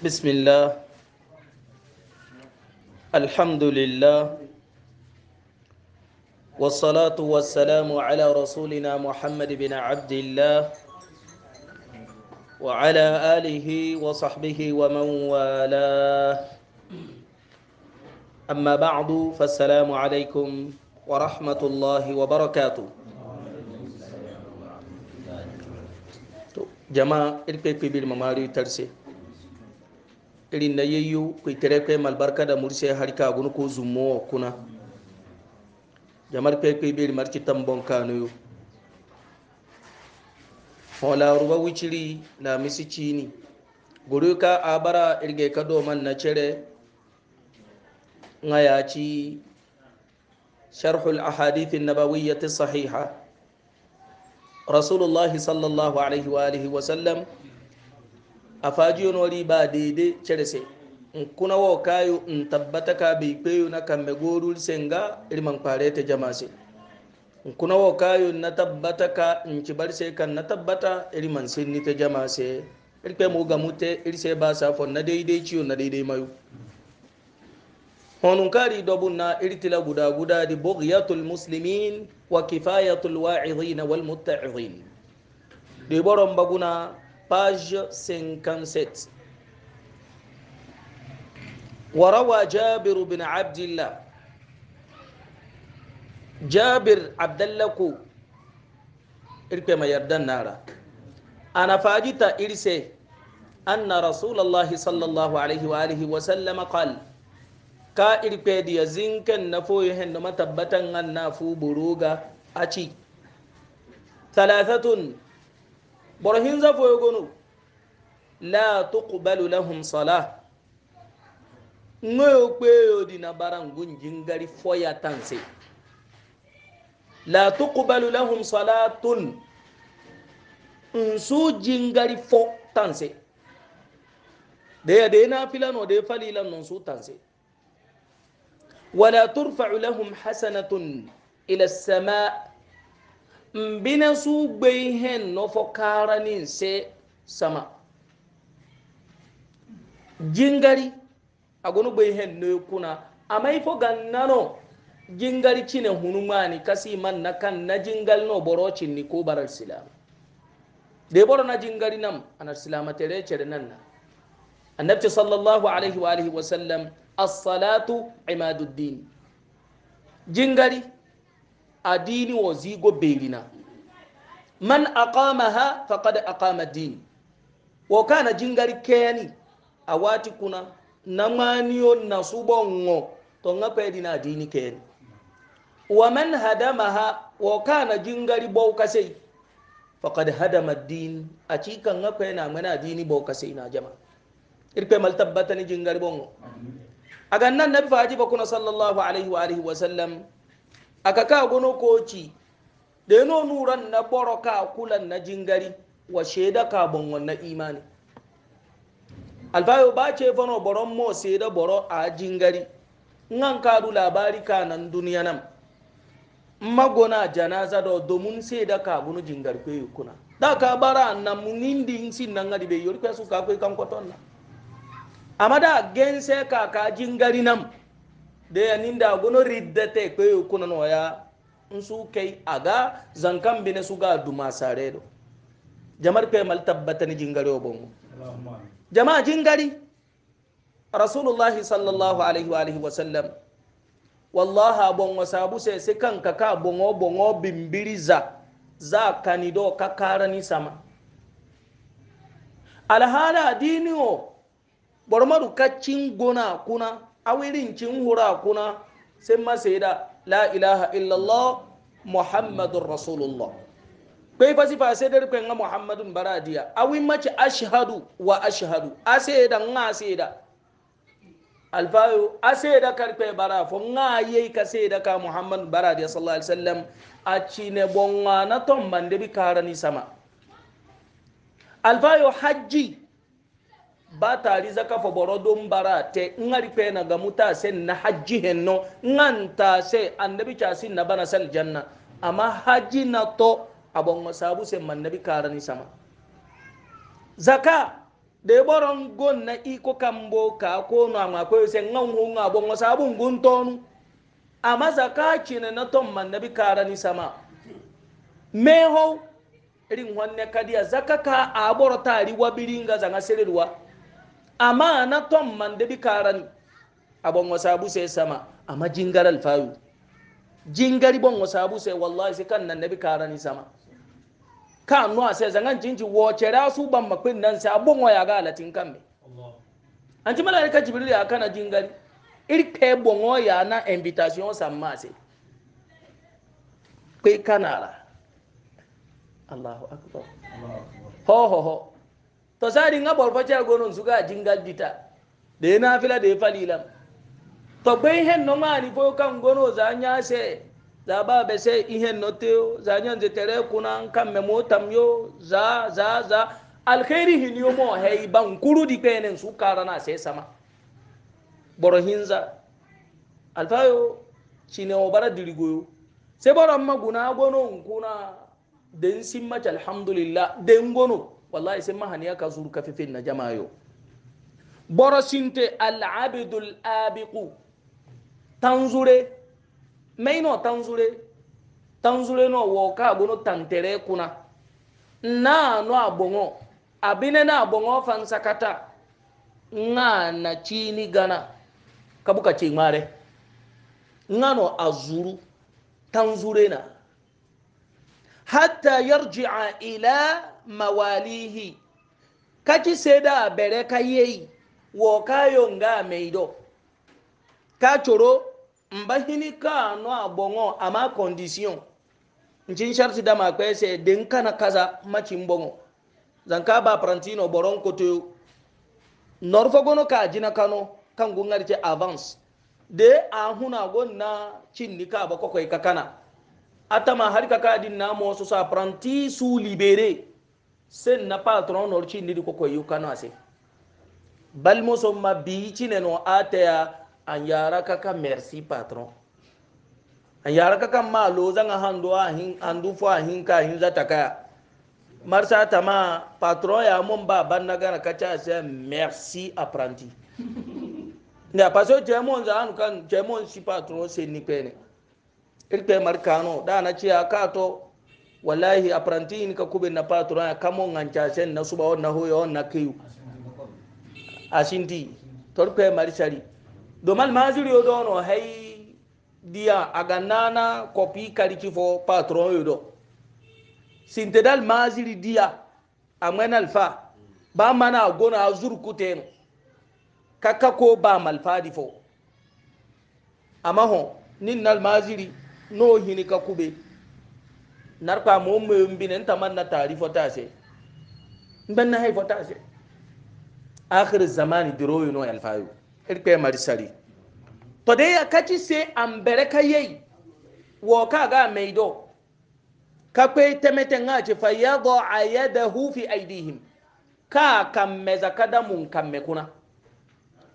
بسم الله الحمد لله والصلاة والسلام على رسولنا محمد بن عبد الله وعلى آله وصحبه ومن والاه أما بعد فالسلام عليكم ورحمة الله وبركاته جماعة البيبي بالمماري ترسي irin na yayyo kai tare kai malbarka da murshe har ka gunu ko zummo kuna jamar kai kai bir marci tambon kanu yo hola ruwa wuciri na misi cini ka abara irge ka do man na cire ci. sharhul ahadith an-nabawiyyah as-sahihah rasulullah sallallahu alaihi wa alihi wa sallam a fajiyo nori ba dede cerese n kuna wo kayo n tabbata ka be ikpeyo na kambe gorul senga irman kparete jamase n kuna wo kayo na tabbata ka n cibar se kan na tabbata irman sinnite jamase irkpe mu gamute irse ba sa fo na deide ciyo na deide mayu honun kari dobun na irtila guda guda di bughyatul muslimin wa kifayatul wa'idhin wal muta'idhin de boron baguna page 57 وروى جابر بن عبد الله جابر عبد الله كو إركي ما يردن نارا أنا فاجتا إرسي أن رسول الله صلى الله عليه وآله وسلم قال كا إركي دي زنك النفو يهن hen da matabbatan an na fu برهين زفو يقولوا لا تقبل لهم صلاة نيوكيو دينا باران غنجين غري فويا تانسي لا تقبل لهم صلاة نسو جنغري فو تانسي دي دينا فلان ودي فليلا ننسو تانسي ولا ترفع لهم حسنة إلى السماء mbina su gbei hen nofo karanin se sama jingari agono gbei hen no kuna amai fo gannano jingari cine hunumani kasi man na kan na jingal no boro cinni ko baral silam de boro na jingari nam anar silama tere cere nanna annabi sallallahu alaihi wa alihi wa sallam as-salatu imaduddin jingari adini wo zigo belina man aqamaha faqad aqama din wo kana jingari keni awati kuna namaniyo nasubongo to nga pedina adini keni wa man hadamaha wo kana jingari bowkasei faqad hadama din aci kan nga kwena mana adini bowkasei na jama irpe mal tabbatani jingari bongo aganna nabi faji bakuna sallallahu alaihi wa alihi wa sallam Aka akaka gono koci da no nuran na boroka kulan na jingari wa sheda ka bon wannan imani alfayo ba ce fano boron mo sai da boro a jingari nan ka du labari ka nan duniya nan magona janaza da domin sai da ka gunu jingar kwe kuna da ka bara na munindi sin nan ngadi yori kwe ka kwe kan kwaton na amma da gense ka ka jingari nan de aninda gono riddete koye kunanoya n su kei aga zankambine suga duma sareɗo jamar pemal tabbatani jingari o bongo jama jingari rasulullahi sallllahu alayhi walih wa sallam wallaha bongo sabu se si kanka ka bongo bongo bimbiriza za kanido ka karani sama alhala dini o ɓormaru kaccin gona kuna awirin cin hura kuna sai masai da la ilaha illallah muhammadun rasulullah kai fasi fa sai da rikon ga muhammadun baradiya awi mace ashhadu wa ashhadu ase da nga se da alfayo ase da karfe bara fo nga yayi ka se da ka muhammadun baradiya sallallahu alaihi wasallam a cine bonga na tomban da bi karani sama alfayo hajji ba tari zaka fa boro don bara te ngari pe na ga muta sen na hajji henno nganta se annabi cha sin na bana sal janna amma haji na to abon sabu sen mannabi karani sama zaka de boron gon na iko kambo ka ko no amma ko sen ngan ho nga abon sabu ngun tonu ma zaka cine na ton mannabi karani sama me ho irin wanne kadiya zaka ka aboro tari wabiringa zanga sererwa amma na ton man da bikaran abon wasa bu sama amma jingar alfayu jingari bon wasa bu sai wallahi sai kan nan nabi karani sama ka no sai zangan jinji woce rasu ban makwin nan sai abon waya ga alatin kan me an ji malaika jibril ya kana jingari irke bon waya na invitation samma sai kai kanara Allahu akbar ho ho ho to sari nga bor facal gonon suga jingal dita de nafila de falilam to ɓey hen no mani foyo kan gono za ñase za baɓe se i hen no teo za ñanze tere kunan kamme mo tam yo za za za alheri hiniyo mo hey bankurudi ɓenen su karana se sama boro hinza alfayo cinewo bara dirigoyo se ɓoron maguna gono nkuna den simmaci alhamdulillah den gono wallahi sai mahaniya ka zuru ka fife na jamayo borosinte al'abidul abiqu tanzure maino tanzure tanzure no wo ka gono tantere kuna na no abongo abine na abongo fansakata nga na chini gana kabuka chimare ngano azuru tanzure na hatta yarji'a ila mawalihi kaci seda bere ka yeyi wo kayo nga meido ka coro mba hini ka no abongo ama condition ncin sharti dama se den kana kaza maci mbongo zanka ba prantino boron koto norfo ka jina kano kan gungar ce avance de a gonna cin ni ba kokai kakana atama har kaka din na mo so sa pranti su libere sen na patron nor ci ndidi ko koyu kano ase bal muso ma bi ci ne no ataya an yara kaka merci patron an yara kaka ma lo zanga hando a hin andu fo a hin ka hin zata kaya marsa tama patron ya mun ba ban na gana kacha ase merci apprenti ne parce que jemon za an kan jemon si patron se ni pene il pe markano da na ci aka wallahi apranti in ka kube na patura kamo ngancha sen na suba na hoyo on na kiyu asinti torpe marisari domal mazuri odono hay dia aganana kopi kariki fo patron yodo sintedal maziri dia amwen alfa ba mana agona azur kuteno kaka ko ba malfadi difo amaho nin nal maziri no hinika kube narka mo mo mbine nta man na tari fota se mban na hay fota se akhir zamani diro yo no alfayu irpe mari sari to dai ya kaci se ambere kayei wo ka ga meido ka kwe temete ngache fa yadha ayadahu fi aidihim ka kamme zakada mun kamme kuna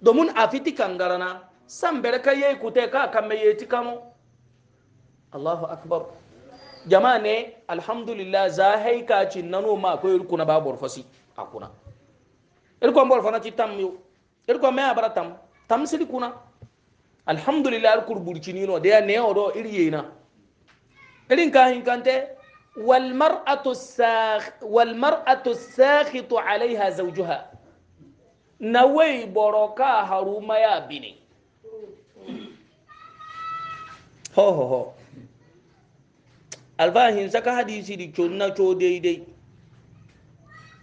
domin a kangarana san bere kute ka kamme yeti kamo Allahu akbar jama ne alhamdulillah za haika ci nano ma ko irku na babor fasi akuna irku an borfana ci tam yo irku me abara tam tam sili kuna alhamdulillah irku burci ni no da ne odo iriye na irin ka hin kante wal mar'atu sakh wal mar'atu sakhitu alaiha zawjuha nawai boroka haruma ya bine ho ho ho alfa hinsa ka hadisi di conna co daidai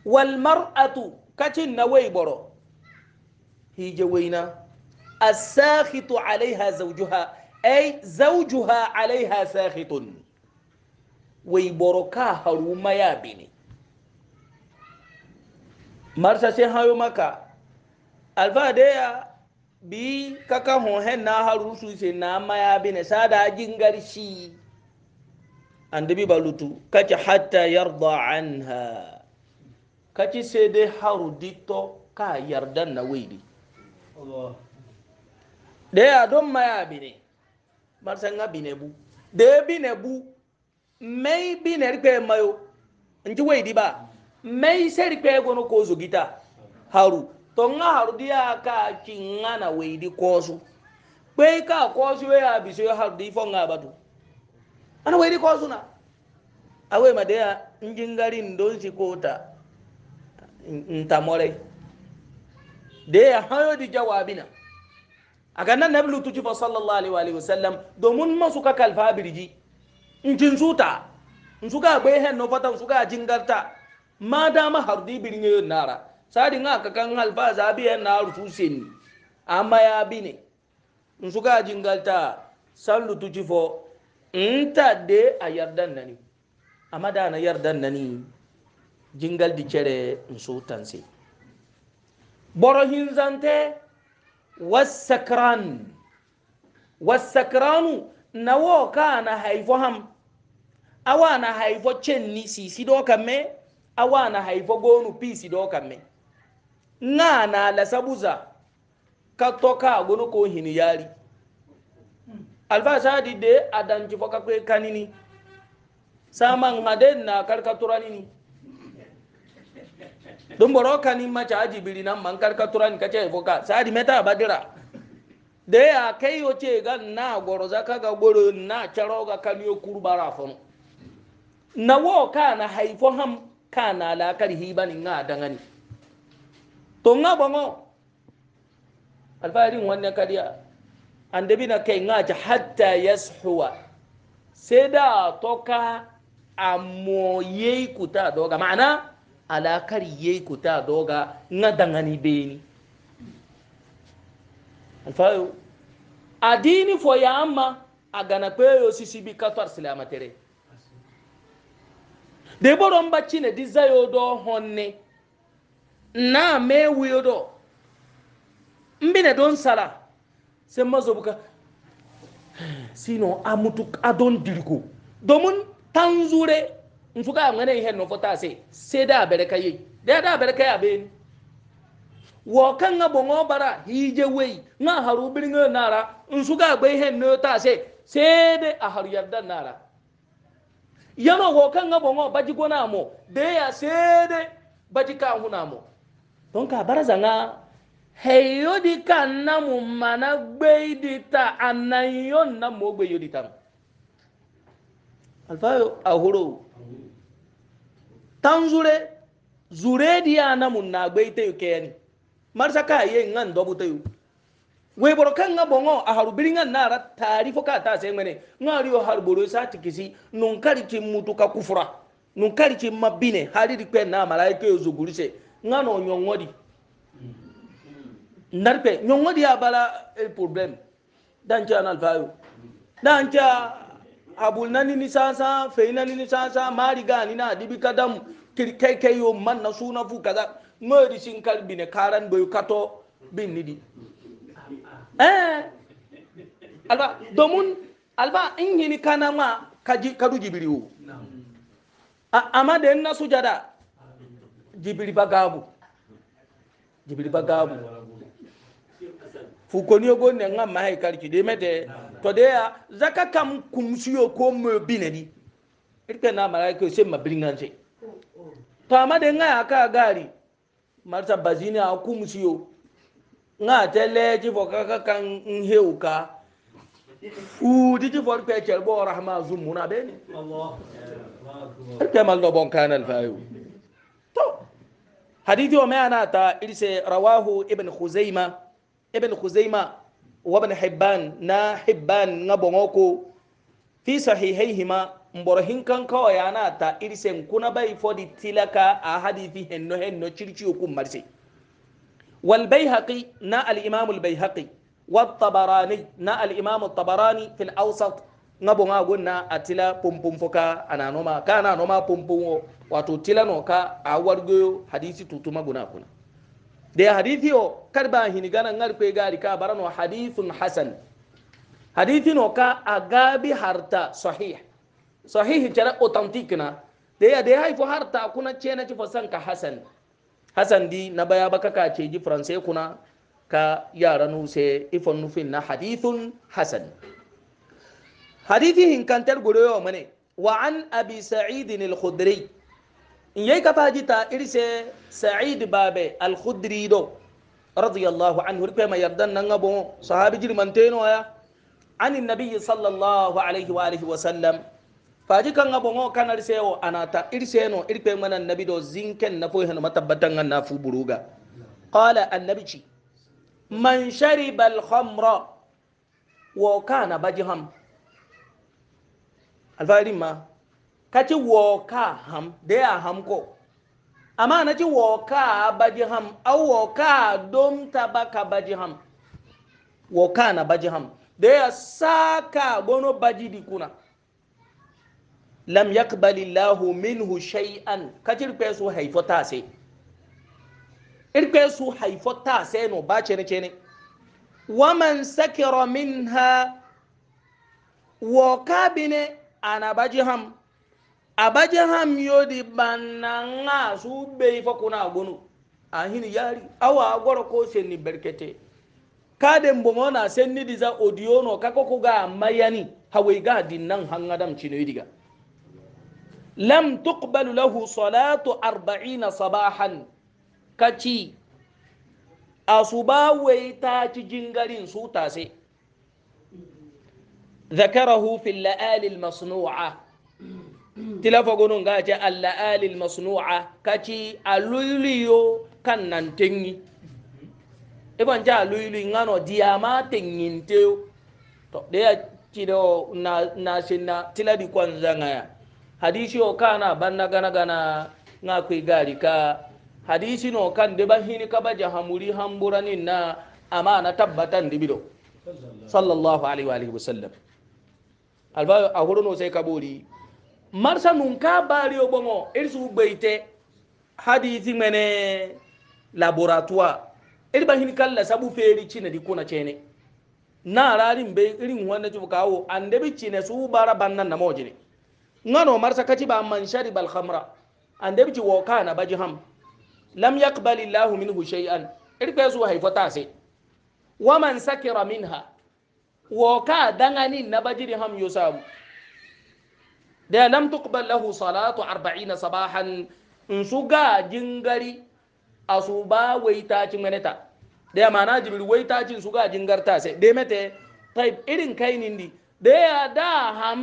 walmar'atu kacin na wai boro hije waina asakhitu alaiha zawjuha ay zawjuha alaiha sakhitun wai boro ka haruma ya bini marsa sai hayo maka alfa daya bi kaka hon hen na haru su sai na maya bini sada jingar shi annabi balutu kaci hatta yarda anha kaci sai dai haru dito ka yarda na waidi da ya don maya bine marsan ga bine bu da ya bine bu mai bine rikpe mayo in ji waidi ba mai sai rikpe gono ko zugita haru to nga haru dia ka ki ngana waidi kosu kwe ka kosu ya biso haru di fo batu ana wai ko suna awe madaya injin garin don shi kota ntamorai da ya hanyo di jawabina a ga nan na blutu ci sallallahu alaihi wasallam domin masu ka kalfa birji njin suta nsuka gbe hen no fata suka jingarta ma dama hardi birin yo nara sadi nga kakan halfa zabi hen na rufu sen amma ya bine nsuka jingarta sallu tuci in de a yardan nani amma da na yardan nani jingal di cere in so tanse borohin zante wasakran wasakranu na wo ka na haifo ham awa na haifo cenni sisi do kamme awa na haifo gonu pisi do kamme nga na lasabuza ka toka gonu ko hini yari alfasa dide adanci foka kwe kanini saman haden na karkatura nini dun boro kanin mace aji biri nan man karkatura ni kace foka sadi meta badira da ya kai yo ce ga na goro zaka ga goro na charo ga kaniyo kurbara fono na wo ka na haifo ham ka na la karhi bani nga to nga bongo alfarin wannan kariya annabi na kai ngaja hatta yashuwa sai da toka amo yei kuta doga ma'ana alakar yei kuta doga nga beni alfayo adini fo ya amma a gana kweyo sisi bi katar silamatere de boron ne di do honne na me wiyo do mbine don sala sai mazobuka sino a mutu adon dirko domin tanzure in suka yi ngane hen no se sai sai da bere kai da da bere kai abe wo kan ga bongo bara hije wei na haru birnga nara in suka gbe hen no ta sai da a haru yarda nara yana wo kan ga bongo baji gona mo da ya sai da baji ka huna mo don ka zanga heyodi ka nna mu mana gbei di ta anayiyo nna mu o gbeyo di ta alfayo ahoro tan zure zure di ana mu na gbei ta yu keni marsa ka ye nga ndobu ta yu weboro kan nga bongo a harubiri nga nara tarifo ka ta sai mene nga riyo harboro sa tikisi nun kari ki mutu ka kufura nun kari ki mabine hali di kwen na malaika yo zugurise nga no nyongodi mm. Narpe, ñongo di abala el problème danca nal fayo danca abul nani ni sansa fey nani ni sansa mari ni na dibi kadam kir kai kai yo man na suna fu kaza ngori sin kalbi ne karan boyu kato bin nidi eh alba domun alba in ni kana ma kaji kadu jibiri wo amma na sujada jibiri bagabu jibiri bagabu hukoni go ne nga mai kalki de mede to de ya zaka kam kumsiyo ko mo binadi irke na malaika sai mabringan sai to amma de nga aka gari marta bazini a kumsiyo nga tele ji fo kaka kan nheuka u di ji fo pe chel bo rahma zumuna beni allah irke mal do bon kanal fayu to hadithi wa maana ta irse rawahu ibn khuzaimah ibn khuzaima wa ibn hibban na hibban na bongoko fi sahihaihima mboro hinkan kawa yana ta irisen kuna bai fodi tilaka a hadithi henno henno circi hukum marse wal baihaqi na al imam al baihaqi wa tabarani na al imam al tabarani fil awsat na bonga gonna atila pumpum foka ananoma kana anoma pumpum wato tilano ka a wargoyo hadisi tutuma guna kuna de hadithi o kar ba hini gana ngar kwe gari ka barano hadithun hasan hadithi no ka agabi harta sahih sahih jara authentic na de ya de haifo harta kuna chena ci fasan ka hasan hasan di na baya baka ka ce ji kuna ka yaran se ifon nufin na hadithun hasan hadithi hinkantar gurewa mane wa an abi sa'idin al-khudri inyai ka fajita irse sa'id babe al-khudri do radiyallahu anhu rikwe ma yardan nan abo sahabi jirmanteno ya ani nabiyyi sallallahu alaihi wa alihi wa sallam faji kan abo ngo kanar sewo anata irseno irkwe mana nabi do zinken na fohin matabbatan na fu buruga qala annabi ci man shariba al-khamra wa kana bajham alfarin ma kaci woka ham da ya ham ko amma na ci woka baji ham au woka don taba ka baji ham woka na baji ham da ya saka gono baji di kuna lam yaqbali llahu minhu shay'an kaci rikpe su haifo ta se su haifo ta no ba cene cene waman sakira minha woka bine ana baji ham abaje hamyodi bannanga su fo kuna gonu a hini yari awa gwara ko senni berkete kaden bomona sennidisa odiono kako ga mayani Hawai ga dinnan hangadam diga. lam tuqbalu lahu salatu arbaina sabahan kaci asuba ci jingarin sutase ذكره في اللآل المصنوعة tila fogono ngaje alla ali almasnua kati aluyliyo kannantenŋi ifanja aluyli ŋano diyama tenŋinteyo to deya tido nasinna na tila di kwanzaŋaya hadisi o kana banna gana gana ŋa kui gari ka hadisi no kan deba hini kaba jahamuri hamburanin na amana tabbatan dibido sallallahu alaihi wa alihi wasallam alfa ahoro no sai kabori marsa nun ka bari o bongo irsu beite hadithi mene laboratoire irba hin kala sabu feri cina di kuna cene na rarin be irin wanda ju kawo ande bi cine su bara bannan na mojine ngano marsa kaci ba man shariba al khamra ande bi wo kana baji ham lam yaqbali allah minhu shay'an irbe su haifota sai waman sakira minha wo dangani na bajiri ham yo da lam tuqbal lahu salatu 40 sabahan in suga jingari asuba waita cin maneta da mana jibril waita cin suga jingarta sai de mete type irin kai nindi da ya da ham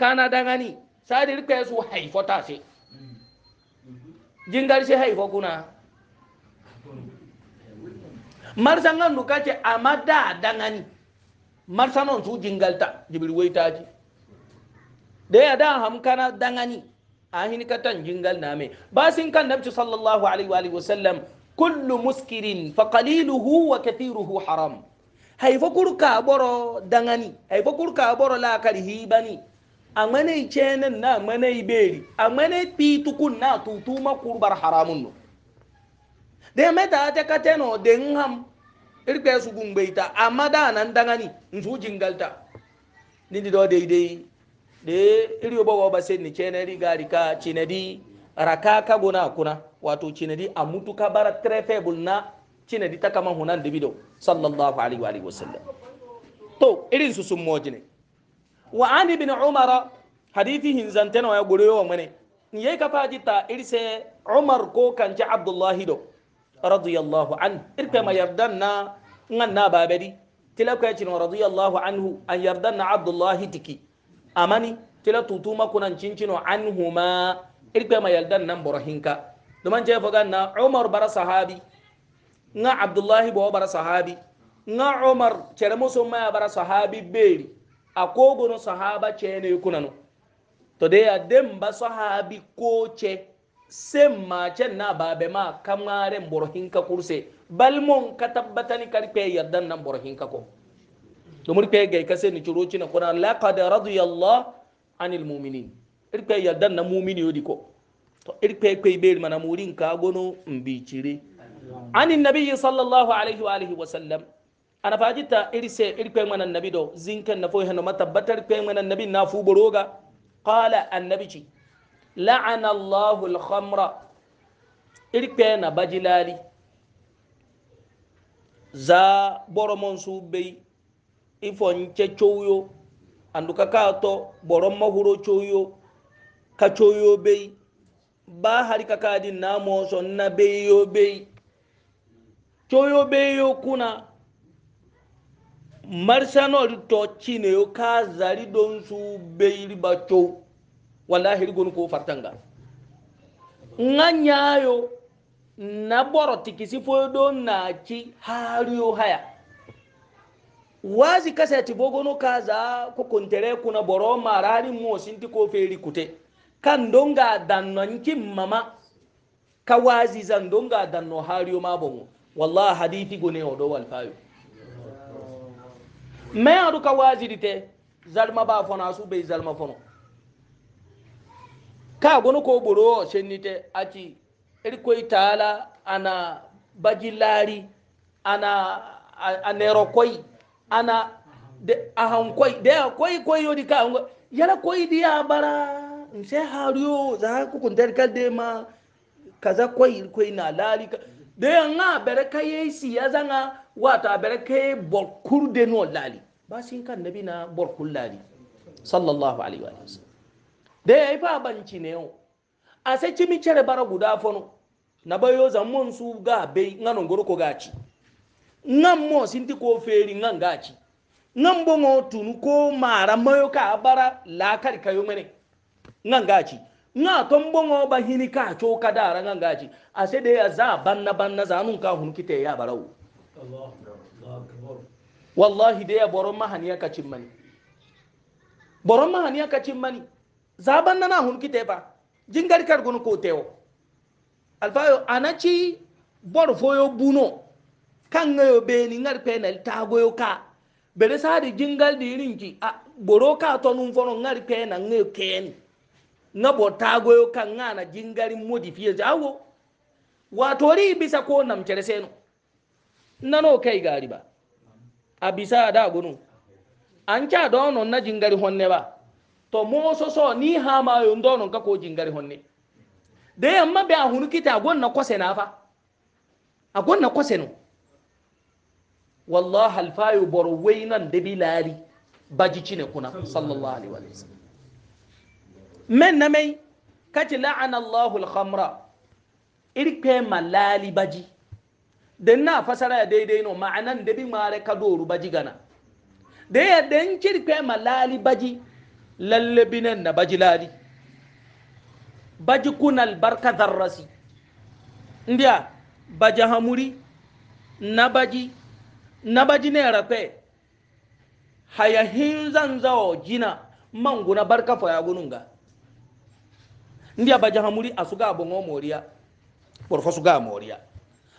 kana dangani sai rike su haifota sai jingar shi haifo kuna marsan kan duka ce amma da dangani marsanon su jingalta jibril waita cin da ya da hamkana dangani ahin katan jingal name basin kan nabci sallallahu alaihi wa alihi wasallam kullu muskirin fa qaliluhu wa kathiruhu haram hay fakur ka boro dangani hay fakur ka boro la kar hibani amane chenen na amane beri amane pitukun na tutuma kurbar haramun no de meta ta kateno den ham irbe su gungbeita amada nan dangani nzu jingalta nindi do dai de iri ba wa base ni kene riga rika cinadi raka ka gona kuna wato cinadi a mutu ka bara très faible na cinadi ta kama hunan da bido sallallahu alaihi wa alihi wasallam to irin su sun moji ne wa an ibn umar hadithi hinzante na ya gure wa mane ye ka faji ta irse umar ko kanci abdullahi do radiyallahu an irpe ma yardan na ngan na tilaka ya cin radiyallahu anhu an yardan na abdullahi tiki amani tila tutuma kunan cincino anhuma irgbe ma yaldan nan boro hinka duman je foga na umar bara sahabi nga abdullahi bo bara sahabi nga umar cere muso ma bara sahabi beri akogo no sahaba cene kunano to de adem ba sahabi ko ce semma cen na babe ma kamare boro kurse balmon ka tabbatani karpe yaldan nan boro ko domori pe gai kase ni curo cina kuna laqad radiyallahu anil mu'minin irpe yaddan na mu'mini yodi ko to irpe pe be mana murin ka gono mbicire anin nabiyyi sallallahu alaihi wa alihi wa sallam ana fajita irse irpe mana nabi do zinkan na fo hano matabbatar pe mana nabi na fu boroga qala annabi ci la'ana allahu al-khamra irpe na bajilali za boromon su bai ifonce coyo anduka kato boron mahuro choyo, ka coyo bei ba hari kakadi namo sonna beyo bei coyo beyo kuna marsanori to cineyo ka zari don su beyiri ba cow wallahi rigonu ko fartanga nga ñayo na boro tikisi foyo do naci hariyo haya wazi kasa ti bogono kaza ko kontere kuna boro marari mo sinti ko feri kute kan donga dannon kin mama ka wazi zan donga danno hariyo ma bongo wallahi hadithi gone odo wal fayo me adu ka wazi dite zalma ba fona su bai zalma fono ka gono ko boro shenite aci irkoi taala ana bajilari ana anerokoi ana de ahan koy de kwai koy yodi ka ngo yala koy dia bara nse hariyo za ku kun der kalde ma kaza kwai kwai na da de nga bere kaye si ya zanga wata bere kaye borkur de no ba basin kan nabi na borkur lari sallallahu alaihi wa sallam da ya yi fabanci ne yau a sai cimi bara guda fono na bayo zamun su ga bai nganon goro ko gaci nan mo sinti ko feri nan gaci nan bongo tunu ko mara mayo ka bara lakar kayo mene nan gaci na ton bongo ba hini ka cho ka dara nan gaci a sai da ya za banna banna zanun ka hun kite ya barau wallahi da ya boron mahaniya ka cin mani boron mahaniya ka cin mani za banna na hun kite ba jingar kar gun ko tewo alfayo anaci bor foyo buno kan ga yo be ni ngar penal ta goyo ka bere sa di jingal di rinki a boro ka to nun fono ngar penal ngai ken na bo ta goyo ka ngana jingari modifiye jawo wato ri bisa ko nam cere seno nano kai gari ba a bisa da gunu an ca dono na jingari honne ba to mo soso ni ha ma yo dono ka ko jingari honne da yamma be a hunu kita gonna kwase na fa a gonna kwase no wallahi alfayo boro wainan da bilari baji cine kuna sallallahu alaihi wa sallam men na mai kaci la'ana Allahul khamra irke malali baji da na fasara daidai no ma'anan da bi mare ka doru baji gana da ya dan kirke malali baji lalle binan na baji lali baji kunal barka zarrasi ndiya baji hamuri na baji nabajine rape haya hinzanzawo jina manguna barka fo ya gununga ndi abaja hamuri asuga abongo moria borfa suga moria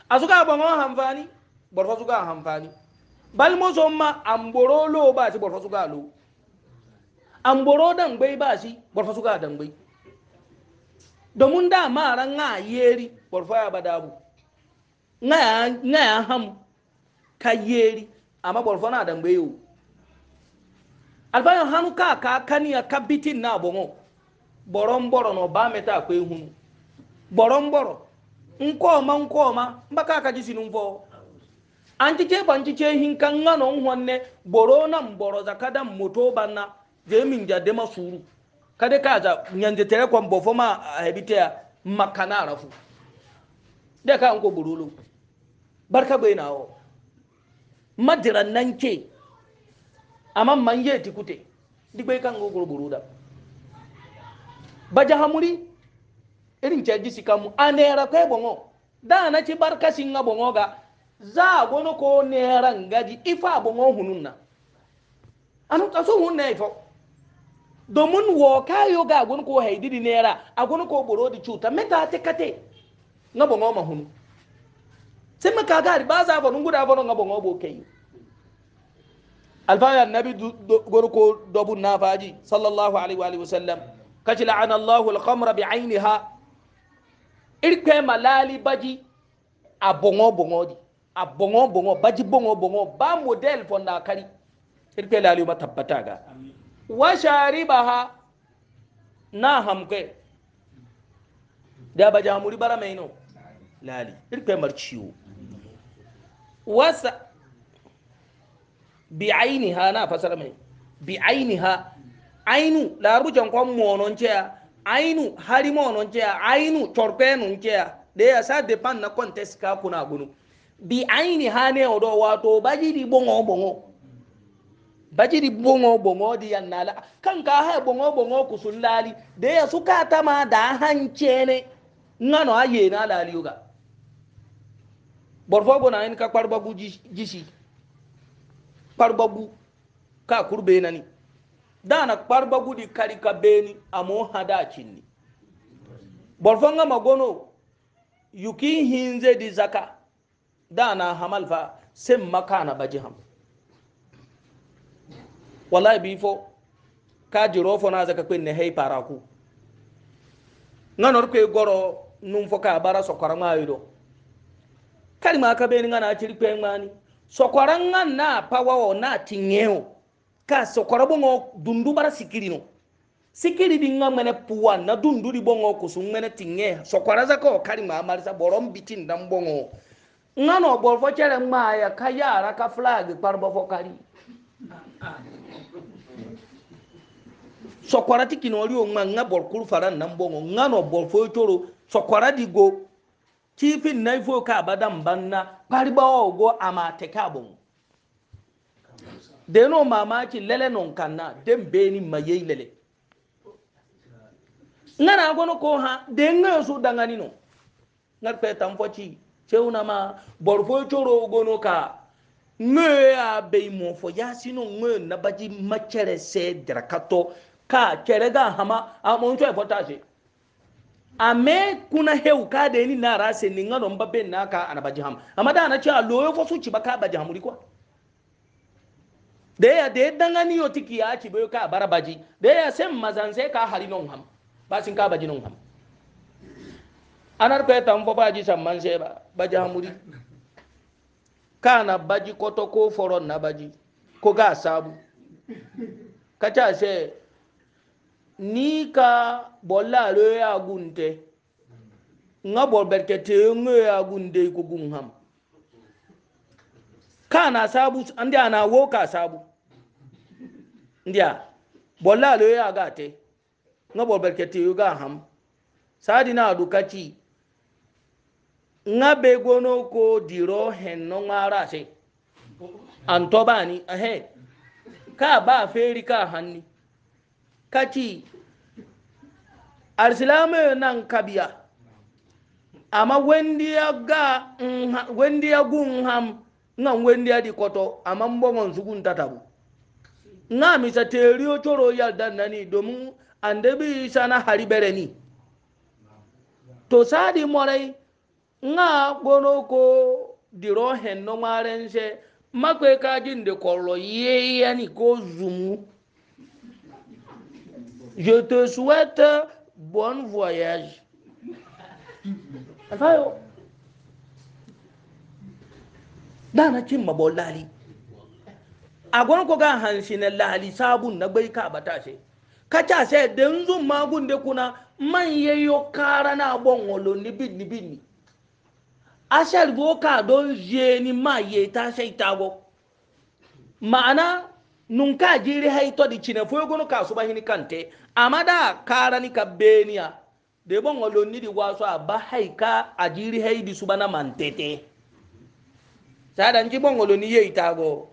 asuga abongo hamfani borfa suga hamfani bal mo somma ba ti borfa suga lo amboro dan gbe ba si borfa suga dan gbe domin da ma ran nga yeri ya badabu nga nga ham ka yeri amma borfo na dambe yo albayan hannu ka ka kaniya ka bitin na bongo boron boro no ba meta akwai hunu boron boro nkoma nkoma mbaka aka jisi numfo antiche ba antiche hinka ngano nhonne boro na mboro zakada moto bana je min jade masuru kade kaza nyanje tere kwa mbofo ma hebitea eh, makana rafu de ka anko burulu barka bainawo madiran nan ke amma man yi ti kute duk bai kan gogoro buru da baja hamuri irin ce si kamu a naira kai bongo da na ci barkashin na bongo ga za a gono ko naira gaji ifa bongo hunun na anu taso hun na ifo domin wo kayo ga gono ko haidiri naira a gono ko buru di cuta meta tekate, kate na bongo ma sima kagari basa fo nungu da fono ngabo ngobo kay alfaya nabi gorko dobu nafaji sallallahu alaihi wa alihi wasallam kaci la'ana allahu al-khamra bi ainiha irke malali baji a bongo bongo di a bongo bongo baji bongo bongo ba model fo na kari irke lali ma tabbata ga wa sharibaha na hamke da baja muri bara mai no lali irke mar ciwo wasa bi ainiha na fasara mai bi ainiha ainu larujan kwan monon ceya ainu hari monon ceya ainu torpenun ceya da ya sa depan na contest ka kuna gunu bi ainiha ne odo wato bajidi bongo bongo bajidi bongo bongo di yannala kan ka ha bongo bongo kusullali da ya suka tama da hance ne ngano aye na laliuga borfogo na ka kparbagu jisi kparbagu ka nani? dana kparbagu di kari ka beni amo hada cinni borfonga magono yuki hinze di zaka dana hamal sem makana baji ham wallahi bifo ka jiro fo na zaka kwenne hey paraku nanor kwe goro num fo ka bara sokora mayido kali ma ka beni ngana chiri kwe ngani sokora ngana pawa o na tingeo ka sokora bongo dundu bara sikiri no sikiri di nga mene puwa na dundu di bongo kusu mene tinge sokora za ko kali ma marisa borom bitin dan bongo ngano borfo chere ma ya ka yara ka flag parbo fo kali sokora tikino ri o nga nga borkuru faran nan bongo ngano borfo toro sokora di go kifin na ifo ka badan banna paribawa ogo a mateka abin da yano mamakin lele non kanna den beni maye lele ngana gono ko ha de ngayo su dangani no ngar pe tampochi cheuna ma borfo choro gono ka ngwe a be mo ya sino ngwe na baji machere se drakato ka chere ga hama a mo ncho ame kuna heu ka da ni na rase ni ngaron babbe na ka ana baji ham amma ana na ce a loyo fa su ci ba ka baji hamuri kwa da ya da danga ni otiki ya ci bayo ka bara baji da ya sem mazan ka hari non ham ba sin ka baji non ham anar ko tan fo baji samman sai ba baji hamuri kana baji koto ko foron na baji ko ga sabu kacha sai ni ka bolla alo ya gunte nga bol berkete nga ya gunde ko gun ham kana sabu andi na wo ka sabu ndia bolla alo ya gate nga bol berkete ga ham sadi na dukaci nga be gono ko diro hen no ngara se antobani ahe ka ba feri ka hanni kati arsilame nan kabiya amma wendiya ga ya gun ham nan wendi ya koto amma mbongon sugun tatabu nga misa teriyo coro yaldan nani domu andabi sana hari bere ni to sadi morai nga gbono ko diro hen no marense makwe kajin de kolo yeyani ko zumu Je te souhaite bon voyage. Alfayo. Dana cin mabon lali. A gwan ko ga hansi na lali sabun na bai ka bata ce. Kaca sai dan zun magun da kuna man yayyo kara na bon wolo ni bin ni bin ni. Ashar go ka don je ni ma ye ta sai tago. Ma'ana nun ka jiri haito di cine foyo gono ka bahini kante amada karani ka beniya de bon lo nidi waso a ba haika ajiri haidi subana mantete sada nji bon lo ni yeita go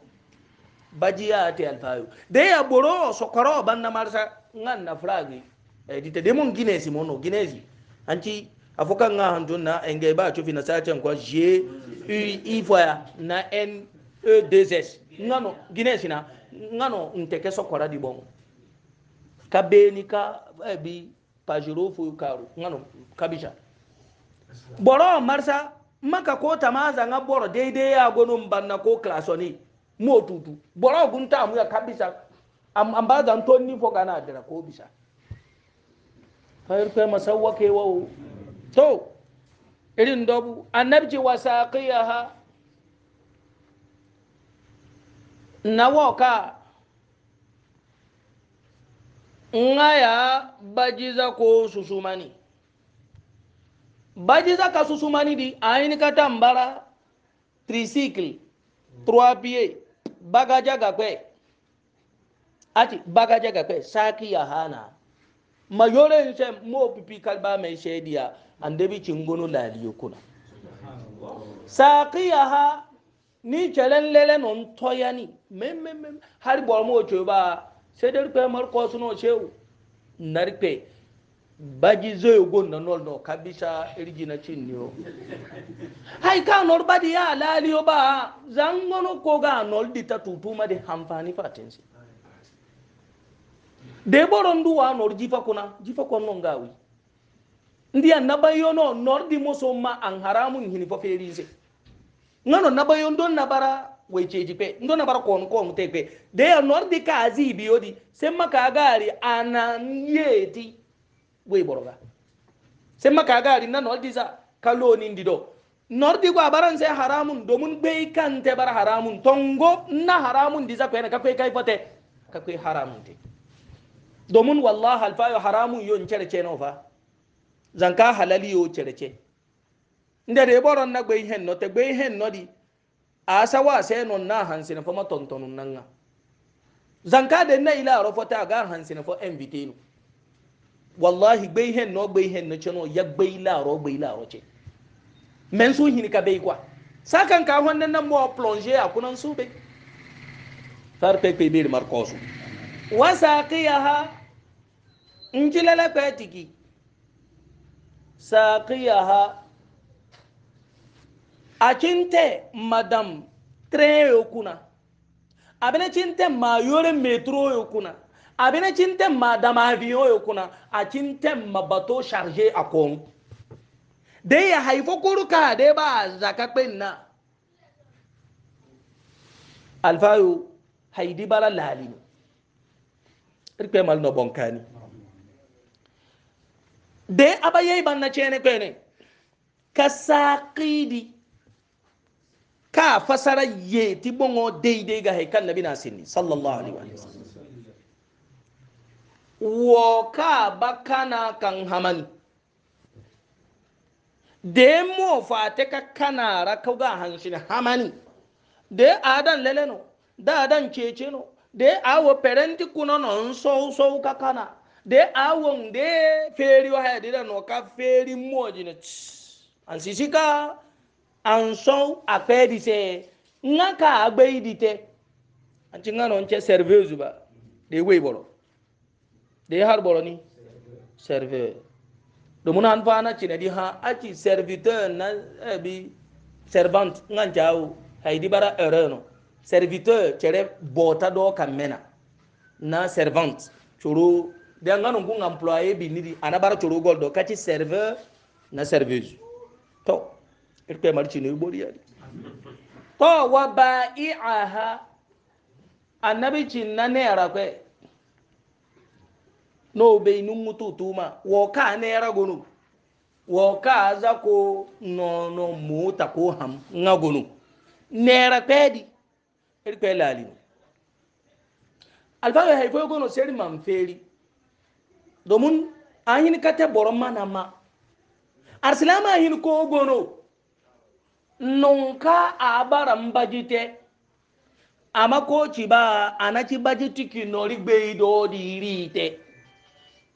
bajiya te alfayo de ya boro sokoro banna marsa ngan na fragi e dite de mon ginesi mono ginesi anti afoka nga hanjo na enge ba chofi na sacha kwa je u ifoya na n e deses ngano ginesi na ngano nteke sokora di bongo ka ka eh, bi pajiro fo karu ngano kabisha boro marsa maka ko tamaza nga boro daidai ya gono banna ko klasoni mo tutu boro gunta mu ya kabisa am ambaza ntoni fo kana dira ko bisha fayar kai masawwa ke wawo to irin dabu annabci wasaqiyaha nawa ya bajiza ko susumani bajiza ka susumani di ayini ka mbara, tricycle trois pieds bagaja ga kwe ati bagaja ga kwe saki ya hana mayore nse mo pipi kalba mai shediya andebi cingono laliyo kuna saki ya ha ni chelen lele non toyani mem mem har bor mo choba sai da rufe marko suno shehu na baji zai gun na nol no kabisa irgi na cin hai ka nor badi ya laliyo ba zangono koga ga nol di ta tutuma di hamfani fatensi de duwa nor jifa kuna jifa kon gawi ndi annabayo no nor di muso ma an haramun hini fa ferize ngano nabayo don nabara weceji pe ndona bara kon kon te pe de ya nordi ka azibi yodi semma ka gari ananyeti we boroga semma ka gari na nordi za kaloni ndido nordi go abaran sai haramun domin bai kante bar haramun tongo na haramun diza ko yana ka kai fate ka kai haramun te domin wallahi alfayo haramun yon cerce no fa zanka halali yo cerce ndere boron na gbe ihe no te gbe ihe no di asa wa sai non na hansin fa matontonun nan zanka da na ila rofo ta ga hansin fa invite no wallahi gbe hen no gbe hen no cheno ya gbe ila ro gbe ila ro che men su hin ka bei kwa sakan ka wannan nan mo plonger a kunan su be far pe pe bir wa saqiyaha injilala kwetiki saqiyaha akinte madam train yokuna abene cinte ma yore metro yokuna abene cinte madam avion yokuna akinte mabato charger akon de ya haifo kuruka de ba zakakpen na alfayo haidi bara lalini rikpe mal no bonkani de abaye ban na chene kwene kasaqidi ka fasara ye ti bongo daidai ga haikan nabi na sinni sallallahu alaihi wasallam wo ka bakana kan haman da mo fate ka kana ra ka ga hanshin hamani da adan lele no da adan cece no da awo parenti kuno no nso so ka kana da awon da feri wa hadi da no ka feri moji ne an sisika ansɔn afɛɛ di sɛ ŋa ka agbe yi di tɛ an ti ŋa nɔ n cɛ sɛrivɛ zuba de wei bɔrɔ de har bɔrɔ ni sɛrivɛ domin an fana cina di ha aci serviteur na e bi servant ŋa jawo haidi bara erreur no serviteur cɛrɛ bɔta dɔ ka mɛna na servante coro de ŋa nɔ ko ŋa employé bi nidi ana bara coro gɔl dɔ kati serveur na serveuse to irpe marci ne boriya ne to wa ba'i'aha annabi cin na naira kwe no beinin mututuma wo ka naira gonu wo ka za ko nono mota ko ham nga gonu naira kwe di irpe lalinu alfawe haifo gono seri man feri domin an yi kata boron mana arsilama hin ko gono nunka a bara mbajite ama koci ba anaci bajiti kinori gbe dodi irite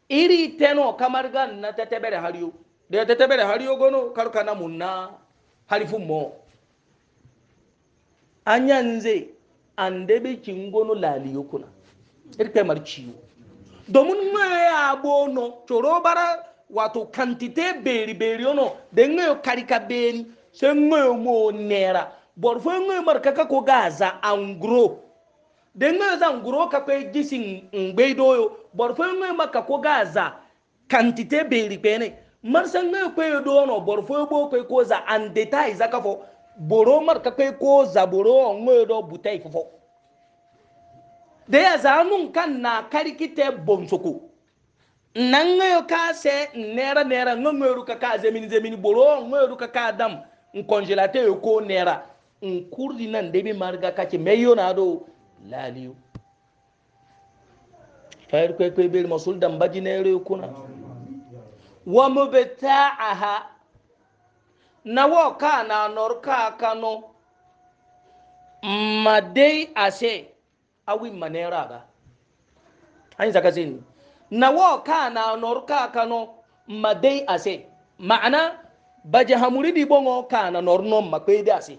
irite no kamar gan na tetebere hariyo da tetebere hariyo gono karuka na munna harifin mo anyanze an debe kingono laliyo kuna irkai mar ciwo domin ma ya bono coro bara wato kantite beri beri ono da yin karika beri sai ngayo mo nera bor fo ngayo mar kaka za angro ka ko gisin ngbe doyo bor fo ngayo gaza beri pene mar bor fo ko za fo boro mar ka ko za boro ngayo do butai fo da ya zanun kan na bonsoko ka se nera nera ngayo ka ka zemini zemini boro nkonjelate yo ko nera nkurdi nan debi marga kake meyo na do laliyo fayar kwe kwe beri masul dan baji na yare kuna wa aha na wo ka na nor ka kano madai ase awi manera ba anyi zaka zin na wo ka na nor ka kano madai ase ma'ana baje hamuri di bongo kana norno makwede asi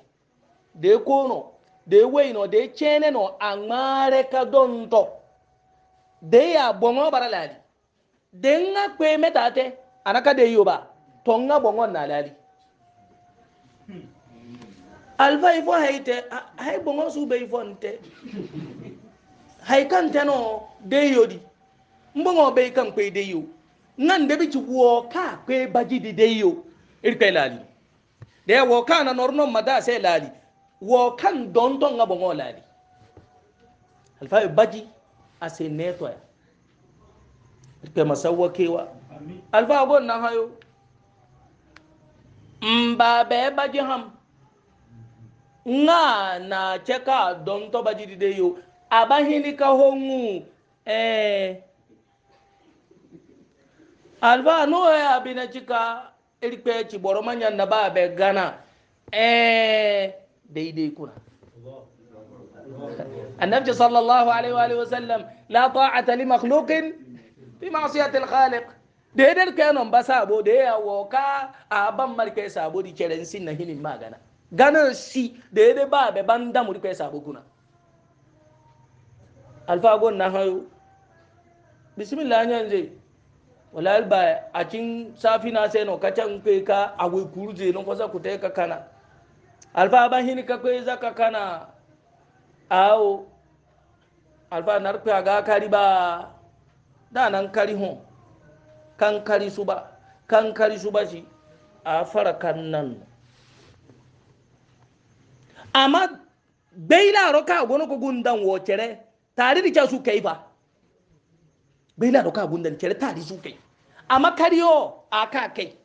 de kono de weino de chene a angmare ka dɔ ntɔ de ya bongo baralali de nga kwe metate ka de yi o ba yoba tonga bongo na alifa lali alfa ifo haite hay bongo su be ifo nte hay kan teno de yodi mbongo be kan kwe de yo nan de bi chuwo kaa kwe baji di de yo irka lali da ya woka na norno mada sai lali wokan don don ga bongo lali alfa baji a sai neto ya irka masawa kewa alfa gon na hayo mba be baji ham nga na cheka don to baji dide yo abahini ka hongu eh alfa no ya bina chika irpe ci boro manyan na ba bai gana eh daidai kuna النبي صلى الله عليه وآله وسلم لا طاعة لمخلوق في معصية الخالق ده ده كانوا بس أبو ده وكا أبام مالك أبو دي كرنسي نهين ما غنا غنا سي ده ده باب باندا مولك أبو كنا ألفا أقول نهايو بسم الله نجي walal ba a cin safi na sai no kacan kai ka a wai kuruje no kwasa ku ka kana alfa ban hin ka kai zaka kana awo alfa nar ka ga kari ba da nan kari hon kan kari su ba kan kari su ba shi a fara kan nan amma bai laro ka gono ko gundan wocere tare da su kai ba bela do ka bundan kere tari su kai amma kariyo aka kai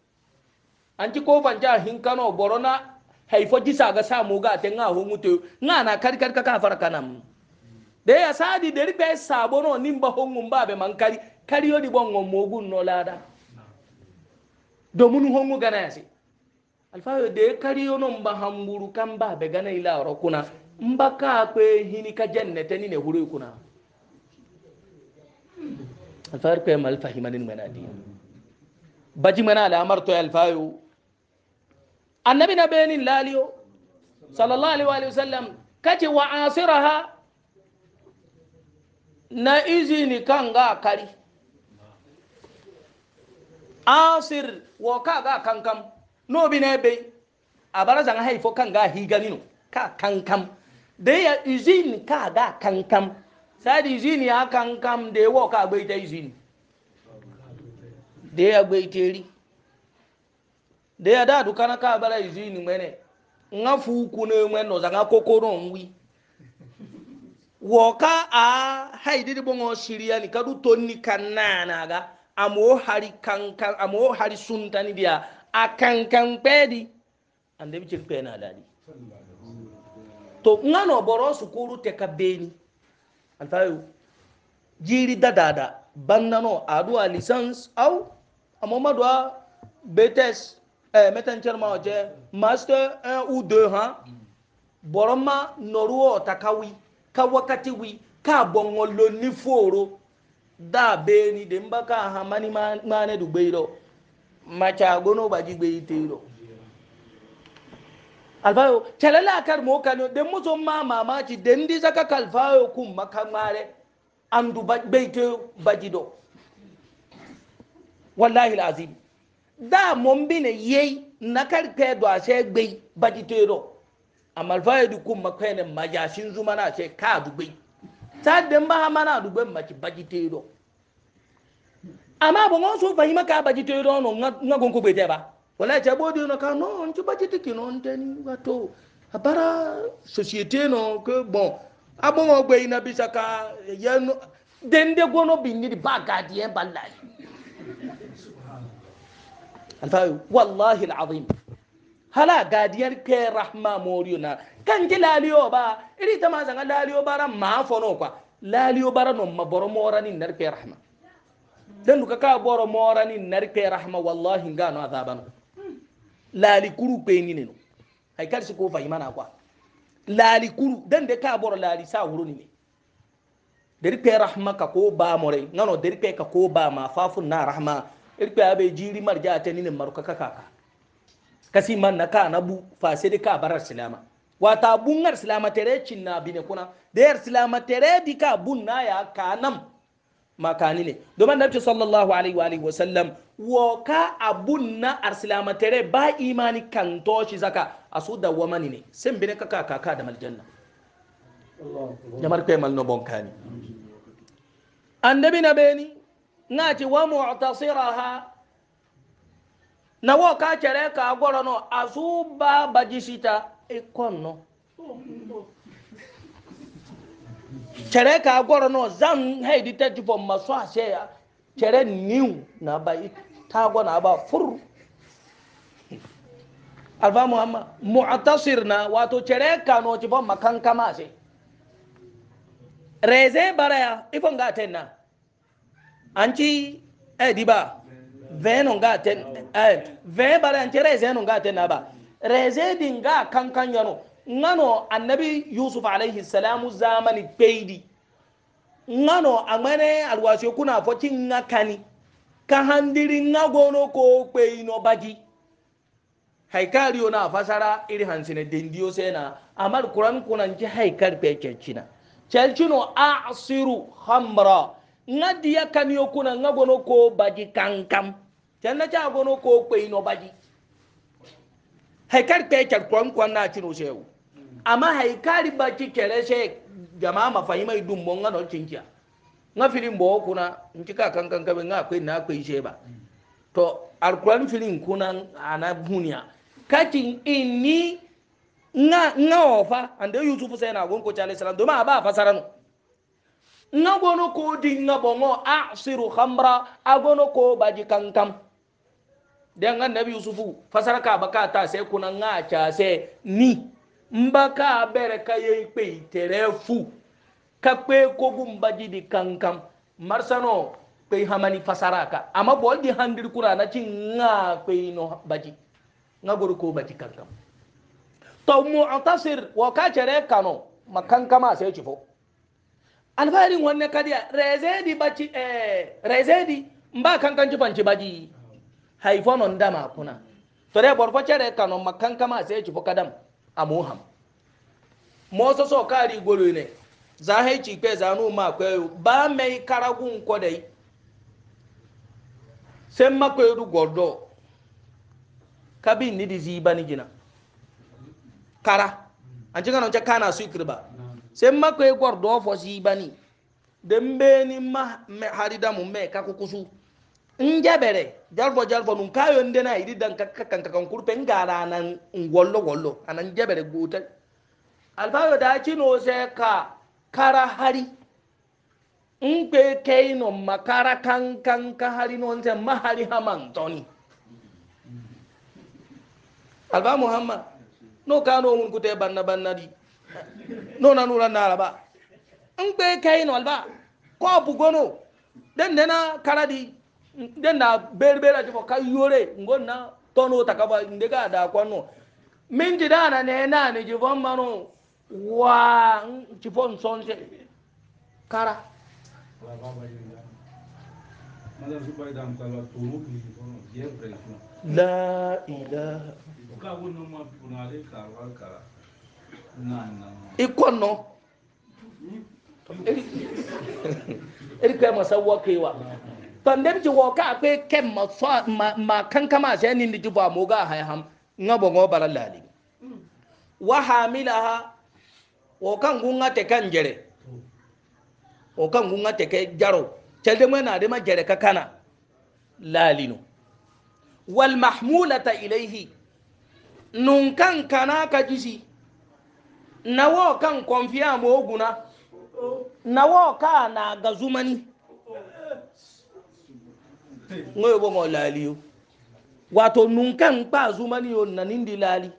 an ji ko banja hin kano borona haifo jisa ga samu ga te nga hungutu nga na kari kari ka fara kanam de ya sadi de ribe sabono nimba hongum babe man kari kariyo di bongo mogun no lada domin hongu gana yasi alfayo de kariyo no mba hamburu kan be gana ila rokuna mbaka kwe hini ka jannete ni ne huru kuna alfahar ko mal fahimanin mana di baji mana al'amar to alfayo annabi na benin laliyo sallallahu alaihi wasallam kace wa asiraha na izini kan ga kari asir wo ka ga kankam no bi ne be a bara zan haifo kan ga higanino ka kankam da ya izini ka ga kankam sadi izini akan kam da yawa ka agbe ita izini da ya agbe iteri da ya da dukana ka bara izini mene nga fuku ne mwe no zanga kokoro a haidi di bongo siriya ni kadu tonni kanana ga amo hari kankan amo hari suntani dia akan kan pedi ande bi chiri pena dadi to ngano boro sukuru te ka beni alfayu jiri dadada bandano aduwa license au amomadwa betes eh, chairman oje master n ou 2 ha boroma noruo takawi ka wakati wi ka bongo lo ni foro da beni de mbaka ha mani mane du gbeiro macha gono baji gbeiro alfayo telala kar mo kano den muso ma mamaci den di zaka kalfayo kun makamare andu baito bajido wallahi alazim da mon bine yei nakar pe do ase gbe bajito ro amal fayo du kun makene majashin zuma na se ka du ta den ba ma na du gbe maci bajito ro amma so fahima ka bajito ro no ngagon ko gbe ba wala jabodi no ka no nti bajiti ki no nteni wato abara societe no ke bon abon ogbe ina bisaka ye no dende gono bi ni bagadi en balai alfa wallahi alazim hala gadiyar ke rahma moriyo na kanki laliyo ba iri ta mazanga laliyo bara ma fono kwa laliyo bara no maboro morani nar ke rahma dan duka ka boro morani nar rahma wallahi ngano azaban laali kuru kpeeni nenu hay kadi si ko fahimana quoi laali kuru den de kaa boro laali saa wuro nini deri kpe rahma ka ko baa more ngano deri kpe ka ko baa ma faafu na rahma deri kpe abe jiiri marja ate nini maruka kaka ka kasi man na kaa na bu faasede kaa barar silama wata bungar silama tere cinna bine kuna der silama tere di ka bun na ya kanam makani ne domin nabi sallallahu alaihi wa alihi wasallam wa ka abun na arsilamatere ba imani kan toshi zaka asu da wamani ne sin bine kaka kaka da maljanna jamar kai malno bonkani annabi na beni na ci wa mu'tasiraha na wa ka kere ka gorono asu ba bajishita ikonno e kyerɛ ka agɔrɔ no zan ha yi ta ti fɔ ma so ahyɛ ya kyerɛ niw na ba yi ta na ba furu alfa muhammad mu'tasir na wato kyerɛ ka no ti fɔ ma kankama ase reze bara ya ifo nga ten na anti eh di ba vɛn no nga ten eh vɛn bara anci reze no nga ten na ba reze di nga kankan yano ngano annabi yusuf alaihi salamu zamani beidi ngano amane alwashe kuna foci nga kani ka handiri nga gono ko kpeino bagi haikari na fasara iri hansine dendiyo sena amal kuran kunan ci haikar pe cecina celcino asiru hamra nga diya kaniyo kuna nga gono ko bagi kankam canna ca gono ko kpeino bagi haikar pe cer kuran kuran na cino sewu amma haikari baki kere she jama'a mafahimai dumbo nga no cinkiya nga filin bo kuna nkika kan kan kabe nga akwai na akwai she ba to alquran filin kuna ana bunya kakin inni nga nga ofa ande yusuf sai na gonko cha alayhi salam do ma ba fasara no nga gono ko di nga bongo asiru khamra agono ko baji kankam dan nabi yusufu fasara ka baka ta sai kuna nga cha sai ni mbaka abere ka ye pe iterefu ka pe kogu mbajidi kankam marsano pe hamani fasaraka amma bol di handir qur'ana ci nga pe no baji nga gor ko baji kankam to mu'tasir wa ka cere kano makankama sai ci fo alfarin wanne kadiya rezedi baci eh rezedi mba kankan ci banci baji haifonon dama kuna to re borfo cere kano makankama sai ci fo kadam amoham moso so kari goro ne za hai ci pe za nu ma kwe ba mai karagun ko dai sai ma kwe du gordo kabi ni di ziba gina kara an ci kana kana su kirba sai ma kwe gordo fo ziba ni dembe ni ma me harida mu me ka kukusu njabere jalbo jalbo nun kayo ndena idi dan kakka kan kan kurpe ngara nan ngollo gollo anan jabere guta alfayo da chino se ka kara hari ngbe keino makara kan kan ka hari non se mahari haman toni alba muhammad no kano mun kute banna banna di no na nura na alba ngbe keino alba ko bugono den dena di nde na berbera jifo ka yore ngo na tono takaba nde ga da kwano min ji dana ne na ne jifo mano wa jifo nsonje kara la ilaha ikono eri kai masa wakewa to ndem ji wo ka pe ke ma so ma, ma kan kama se ni ndi jibo mo ga hay ham ngabo ngo baralali wa hamilaha wo kan gunga te kan jere wo kan gunga te ke jaro celde mo na de ma jere ka kana lalino wal mahmulata ilayhi nun kan kana ka jisi nawo kan konfiya mo guna nawo ka na gazumani ngoyo bongo laliyo wato nunkan kpa zumani yo nanindi lali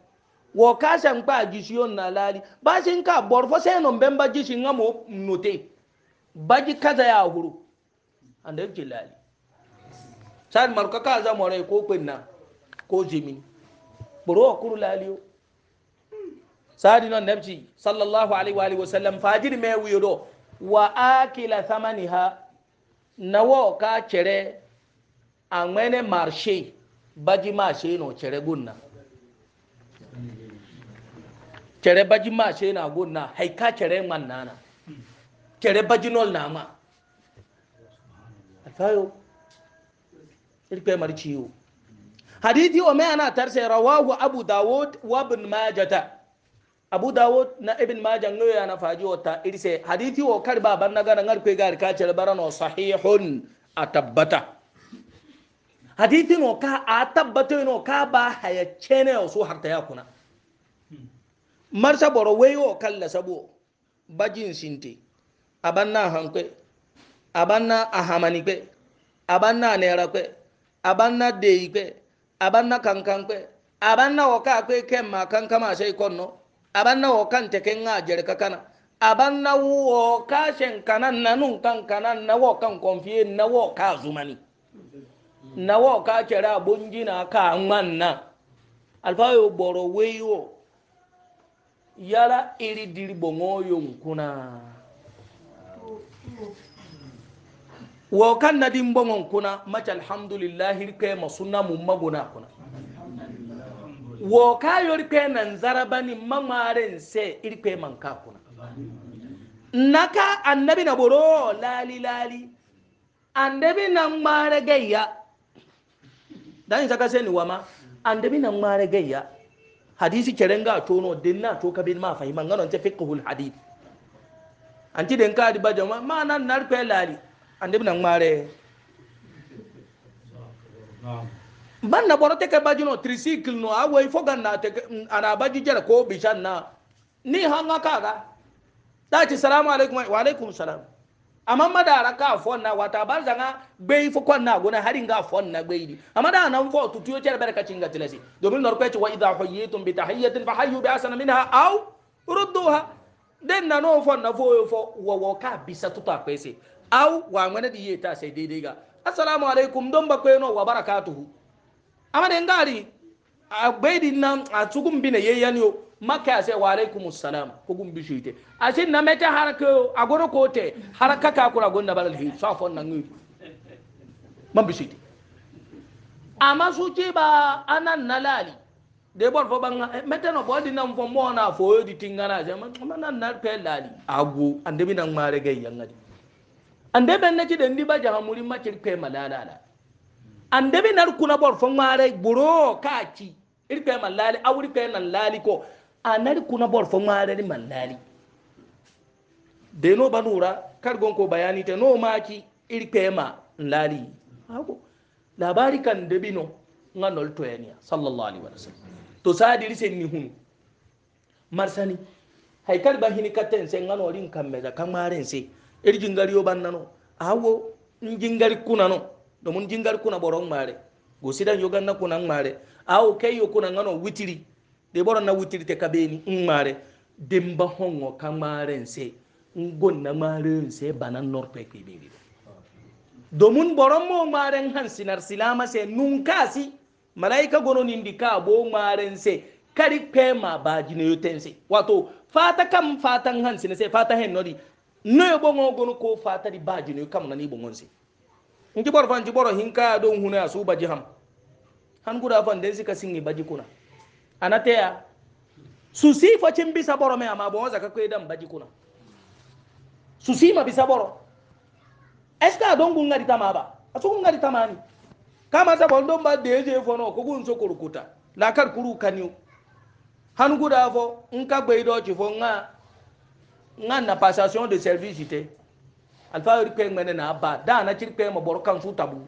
wo kasa kpa jisi yo na lali basi nka bor fo seno mbemba jisi ngamo note baji kaza ya huru ande ki lali san marka kaza more ko kwenna ko jimini boro kuru laliyo sadi non nebci sallallahu alaihi wa alihi wasallam fajiri me wiyo do wa samaniha, thamaniha nawo ka chere a mene marshe baji mashe no cere gunna cere baji mashe na gunna haika cere man nana cere baji nol na ma alfayo irpe marciwo hadithi wa mai ana tarse rawahu abu dawud wa ibn majata abu dawud na ibn majah ngoya na faji wata irse hadithi o kariba ban na gana ngarkwe gar ka cere barano sahihun a tabbata hadithi no ka a tabbato no ka ba haya chene so harta ya kuna hmm. marsa boro weyo kalla sabo bajin sinte abanna hankwe abanna ahamani kwe abanna nera kwe abanna dei kwe abanna kankan kwe abanna woka kwe kemma kankama sai konno abanna wokan teken ngajer kakana aban na wo kashin kanan na nun kan na wo kan konfiye na wo ka zumani hmm nawo ka kera bongina ka manna alfayo boro weyo yala iri diri bongoyo nkuna wo kan na din bongon kuna mace alhamdulillah kai masunna mun maguna kuna wo ka yori kai nan zarabani mamaren se irkai manka kuna naka annabi na boro lali lali annabi nan mare gayya dani saka sai ni wama an da binan mare gayya hadisi kerenga tono dinna to kabin ma fahiman ganon ta fiqhul hadith anti den kadi ba jama ma nan nar pe lali an da binan mare ban na borote ka bajino tricycle no awo ifo ganna te ana baji jere ko bishan na ni hanga kaga ta ci salamu alaikum wa alaikum salam amma madara ka fonna wata bar zanga gbei fo na gona hari nga fonna gbei di amma da nan fo tutu yo cer barka cinga tilasi domin nor pece wa idha huyitum bi tahiyatin fahayyu bi asana minha aw rudduha den na no fonna fo yo fo wo wo ka bisa tuta pese aw wa ngana di yeta sai daidai ga assalamu alaikum don ba kweno wa barakatuhu amma den gari a gbei din nan a tsugun bine yeyyan yo makka ya sai wa alaikum assalam hukum bishite ashin na meta haraka agoro kote haraka ka kura gonda balal hi safon nan ngi man bishite amma su ce ba anan nalali de bor fo banga eh, meta no bodi nan fo mo na fo di tingana je man nan na pe lali agu ande bi nan mare gay yangadi ande ben naci da ndi ba jahamuri macin pe malalala ande bi nar kuna bor fo mare buro kaci irpe malali awri pe nan lali ko a nari kuna bol fo ŋmarari mandari de no banura kar gonko bayanite no maki iri pema nlari ako labari kan de bino nga nol toyani sallallahu alaihi wasallam to sadir sen ni hun marsani hay kar ba hini katen sen nga no rin kameda kan mare sen iri jingari yo bannano ako njingari kuna no do mun jingari kuna borong mare go sidan yo ganna kuna mare ako kayo kuna nga no witiri de boro na wutirte kabeni ngmare demba hongo kamare nse ngon na mare nse banan norpe kibiri domin boron mo ngmare han sinar silama se nunkasi malaika gono nindika bo ngmare nse kari ma baji ne yotense wato fata kam fata han sinar se fata hen nodi noyo bongo gono ko fata di baji ne kam nani bongonse nki boro fanji boro hinka don huna su baji ham han guda fan den sika singi baji kuna anateya susi facin bisa boro mai amma bon zaka kai baji kuna susi ma bisa boro eska don gunga di tama ba asu gunga di tama ni kama sa bon don ba de je fono, no ko gun so kurukuta la kar kuru kaniu han guda fo nka gbe do ci fo nga nga na passation de service ite alfa ri pe ngene na ba da na ci pe mo boro kan su tabu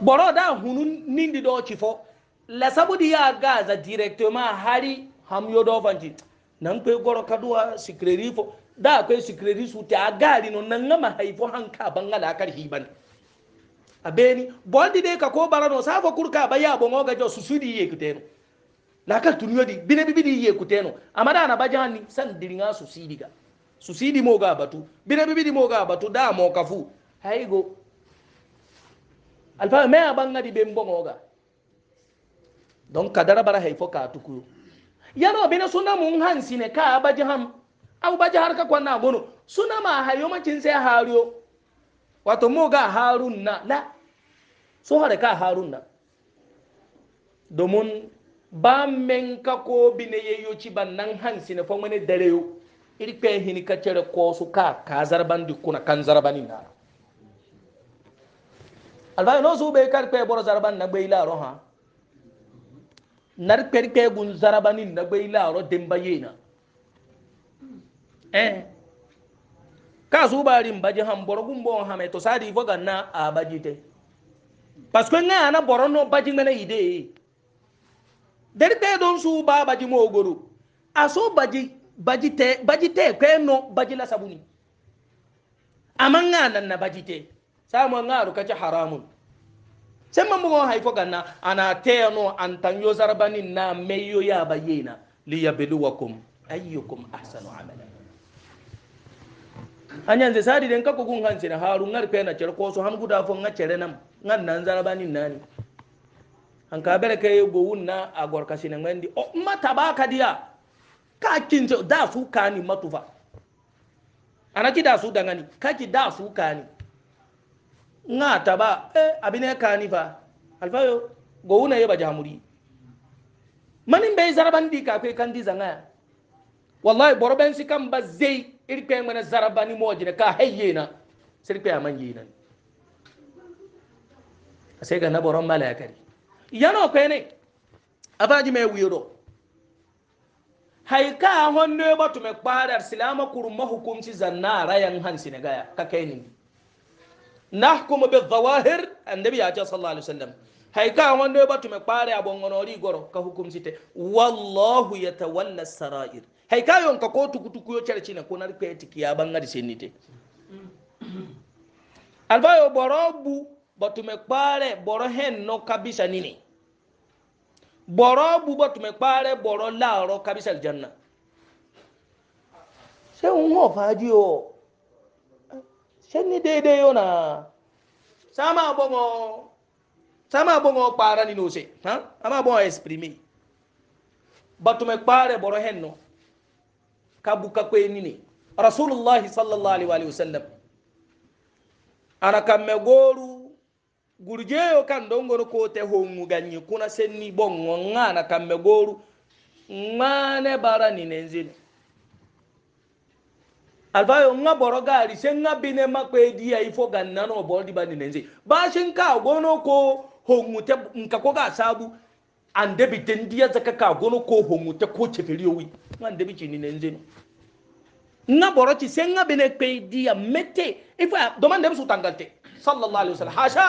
boro da hunu nindi do ci fo la sabudi ya gaza directement hari ham yodo fanji nan kwe goro kaduwa sikreri fo da kwe sikreri su ta gari no nan ngama haifo hanka bangala kar hiban abeni bondi de ka ko barano safo kurka baya bongo ga jo susudi ye kuteno la kar tunyo di bine bibidi ye kuteno amada na bajani san diringa susidi ga susidi mo ga batu bine bibidi mo ga batu da mo kafu haigo alfa me abanga di bembo ngoga don kadara bara haifo ka tukuyo yaro bina suna mun hansi ne ka baji ham abu baji har ka kwanna gono suna ma hayo macin sai hariyo wato mu ga harun na la so hare ka harun na domin ba men ka ko bine yayyo ci ban nan hansi ne fa mane dare yo iri pe hini ka cere ko su ka ka zarban di kuna kan zarbanin na albayo no su be kar pe bor zarban na be ila roha nar kperkpe gun zarabani na gbe ilaro demba yena eh ka su bari mbaji han borogun bo ha me to sadi fo ganna a bajite parce que nga ana borono baji mena ide der te don su ba baji mo ogoro aso baji bajite bajite kweno baji la sabuni amanga nan na bajite samu nga rukaci haramun sai man bugo haifo ganna ana teyano antan yo zarbani na meyo ya bayina liyabluwakum ayyukum ahsanu amala anyan ze sadi den kako gun hanse na haru ngar pe na cer ko so han guda fo ngar cere nam ngar nan zarbani nani an oh, ka bere kay go wunna a gor kasina ngandi o mata ba kadiya ka kinzo da su kani matufa anaki da su dangani kaki da su kani nga taba eh abine kani fa alfayo go una yeba jamuri manin bai zaraban di ka kai kan di zanga wallahi boroben si kan ba zai irpe mana zarabani mo jina ka hayye na sirpe aman yi nan sai ga na boron malakari yana kai ne afaji mai wiro haika honne batu me kparar silama kurma hukumci zanna rayan hansi ne gaya ka kai ni nahkumu bidhawahir annabi ya ce sallallahu alaihi wasallam hay ka wanda ba tume kware abon gonori goro ka hukum site wallahu yatawalla sarair hay ka yon ka ko tukutuku yo cerci na konar pe tikiya bangari senite albayo borobu batume kware boro hen no kabisa nini borobu batume kware boro laaro kabisa aljanna se un ho faji o senni dede na, sama bongo sama bongo para ni nose ha ama bon exprimer batume pare boro henno kabuka kwe ni. Rasulullah sallallahu alaihi wa alihi wasallam ana kamme goru gurjeyo kan dongono ko te hongu ganyi kuna senni bongo ngana kamme goru ngane bara ni nenzili alfayo nga boro gari se nga bine makwe diya ifo gannano boro di bani nenze bashin ka gono ko hongute nka ko ga sabu an debi tendiya zaka ka gono ko hongute ko chefeli yowi nga debi chini nenze no nga boro ci se nga bine kwe diya mete ifo domande bi sutangante sallallahu alaihi wasallam hasha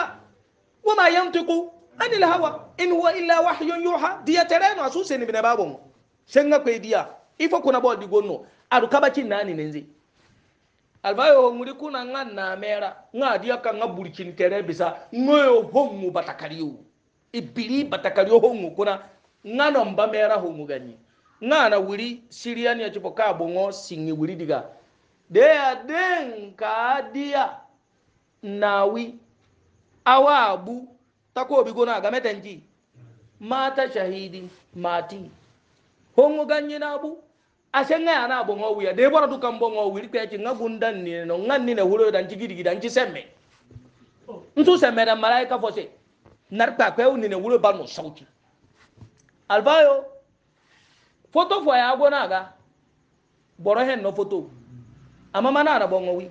wama yantiqu anil hawa in huwa illa wahyun yuha diya tereno asuseni bine babon se nga kwe diya ifo kuna bol di gonno aru kabachi nenze albayo muri kuna nga namera nga dia ka nga burkin tere bisa ngoyo hongu batakariyo ibili batakariyo hongu kuna nga no mbamera hongu gani nga na wuri sirian ya chipo ka bongo singi wuri diga de ya den ka dia nawi awabu tako bigona nji mata shahidi mati hongu ganyi abu? ase nga yana bo ngo wiya de bora du kan bo ngo wiri pe ci nga gundan ni no nga ni na wuro dan ci gidi gidan ci semme ntu semme da malaika fo se nar pa pe ni ne wuro ba no sauti albayo foto fo ya go na ga boro hen no foto amma mana na bo ngo wi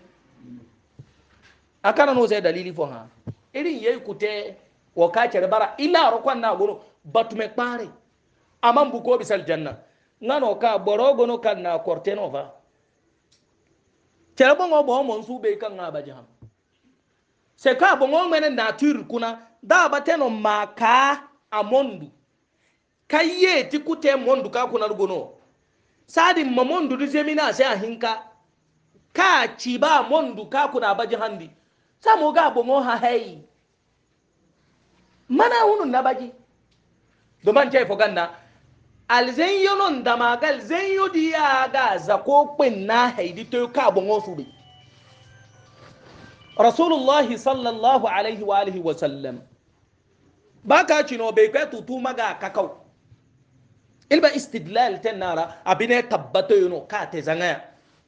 akana no se dalili fo ha irin yayi kute wa ka bare bara ila ro na goro batume kpare amman bu ko bisal janna ngano ka borogo no kan na korte no fa cere bongo bo mo nsu be kan na baji ham se ka bongo mene na tir kuna da bateno maka amondu kaye ti kute mondu ka kuna rugono sadi mamondu di na se ahinka ka chiba mondu ka kuna baji handi samu ga bongo ha hei mana hunu na baji doman chai foganda alzen yo non dama ga alzen yo di ya ga za ko pin na haidi to ka bon osu bi rasulullah sallallahu alaihi wa alihi wa sallam baka chino be ka tutu maga kakau ilba istidlal tenara abine tabbato yono ka te zangaya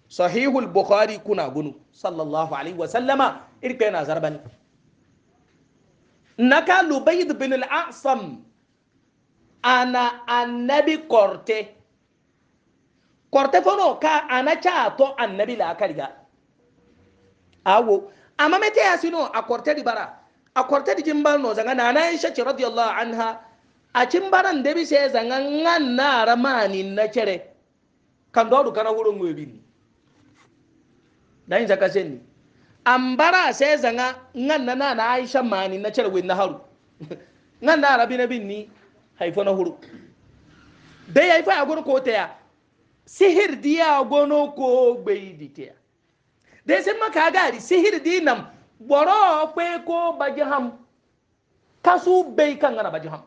sahihul bukhari kuna gunu sallallahu alaihi wa sallama irka zarbani naka lubayd bin al-a'sam ana annabi korte korte fono ka ana cato annabi la kariga awo amma mete ya sino a korte di bara a korte di jimbal no zanga na nan shaki radiyallahu anha a cimbaran da bi sai zanga ngan na ramani na kere kan dodu kana hurun webin dan zaka sen ambara sai zanga ngan na na aisha mani na kere wen na haru ngan na arabi na bin ni haifo na huru dai haifo a gono ko taya sihir diya gono ko gbai ditiya dai sai maka gari sihir di nam boro kwe ko bajiham kasu bai kan gana bajiham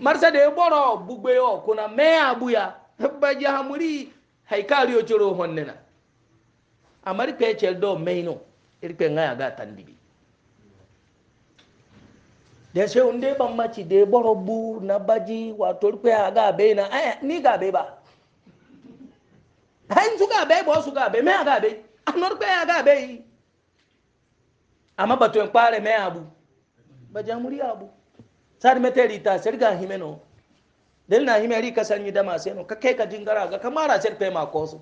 marsa da boro bugbe o kuna me abuya bajihamuri haikari ochoro honnena amari pechel do meino irpe ngaya ga tandibi dese unde bamma ci de boro bu na baji wa torpe aga be na eh ni ga be ba hen su ga be bo su ga me aga be anor aga be ama batu en pare me abu baja muri abu sar meteri ta serga himeno del na himeri ka sanyi da ma seno ka kai ka jingara ga kamara ser pe ma koso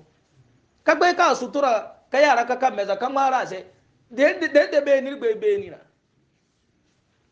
ka gbe ka sutura ka yara ka kan meza kamara se de de be ni be be ni na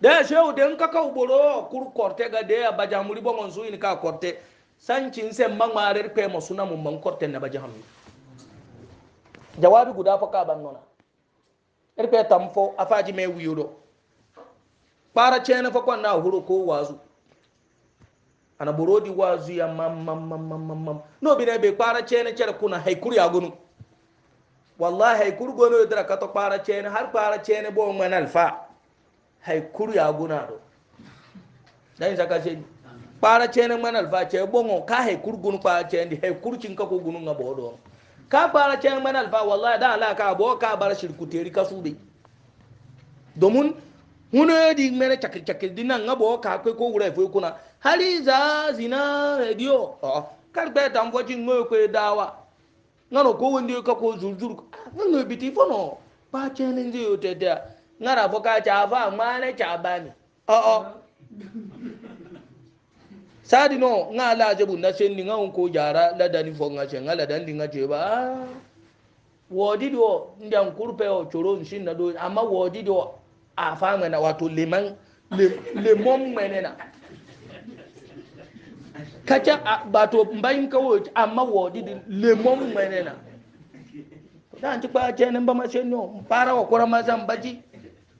da shehu den kaka uboro kur korte ga de abaja muri bo ngon suin ka korte sancin sen mangmare pe mo suna mun man korte na baja hammi jawabi guda fa ka ban nona irpe tamfo afaji me wiyoro para chena fa na huru ko wazu ana borodi wazu ya mam mam mam mam mam no bine be para chena chere kuna haikuri agunu wallahi haikuri gono dara ka to para chena har para chena bo man alfa hay ya guna do dan saka ce para cene man alfa ce bongo ka hay kurgun pa ce ndi hay kurcin ka ko gunun ga bodo ka para cene man alfa wallahi da ala ka bo ka bar shirku teri ka sube domin huno di mere chakil chakil dina nga bo ka ko ko wura fo kuna Haliza zina radio oh kar be tan fo jin ngoy ko dawa ngano ko wondi ka ko zurzur ngano biti fo no pa cene ndi yo tete ngara foka chafa mane chabani oo oh, oh. sadi no nga la je bunda sendi nga unko jara la dani fo nga che nga la dani nga che ba wodi do ndia nkurpe o choro nshin na do ama wodi do afa ngana watu liman le mom menena kacha bato mbayin kawo amma wodi le mom menena dan ti pa che ne mbama sendi o para wa kora baji.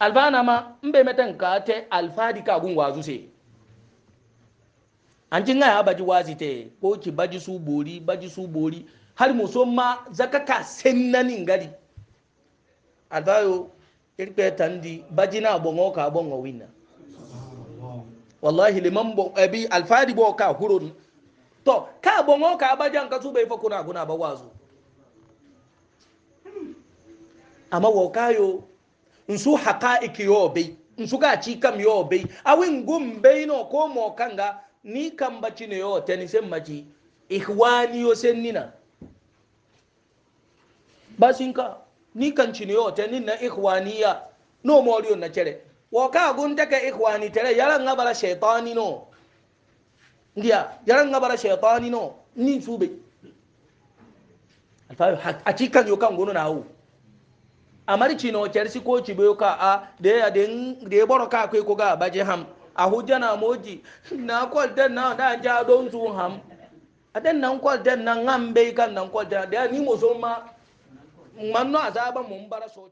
alfana ma in bai mata ka ta alfadi ka gun wazu sai an jin ya baji wazi te ko ki baji su bori baji su bori har muso ma zaka ka sennanin gari alfayo irpe tandi baji na bongo ka bongo winna wallahi liman bon abi alfadi bo ka huro to ka bongo ka bajan ka su bai fa kuna guna ba wazo amma wo nsu haqa'iq yo bai nsu ga ci kam yo bai awin gum bai no ko mo kanga ni kan baci ne yo tani sen maci ihwani yo sen nina basinka ni kan ci ne yo tani na ihwaniya no moriyo na cere wo ka gun taka ihwani tere yaran ngabara shaytani no ndiya yaran ngabara shaytani no ni sube alfa a cikan yo kan gono na hawo amari chino chelsea coach be ka a ah, da ya de ah, de boro ka kwe ko ga baje ham a hujja na moji na kwal den na da ja don zu ham aden nan kwal den nan ngam be kan nan kwal den da ni mo so ma manno azaba mun bara so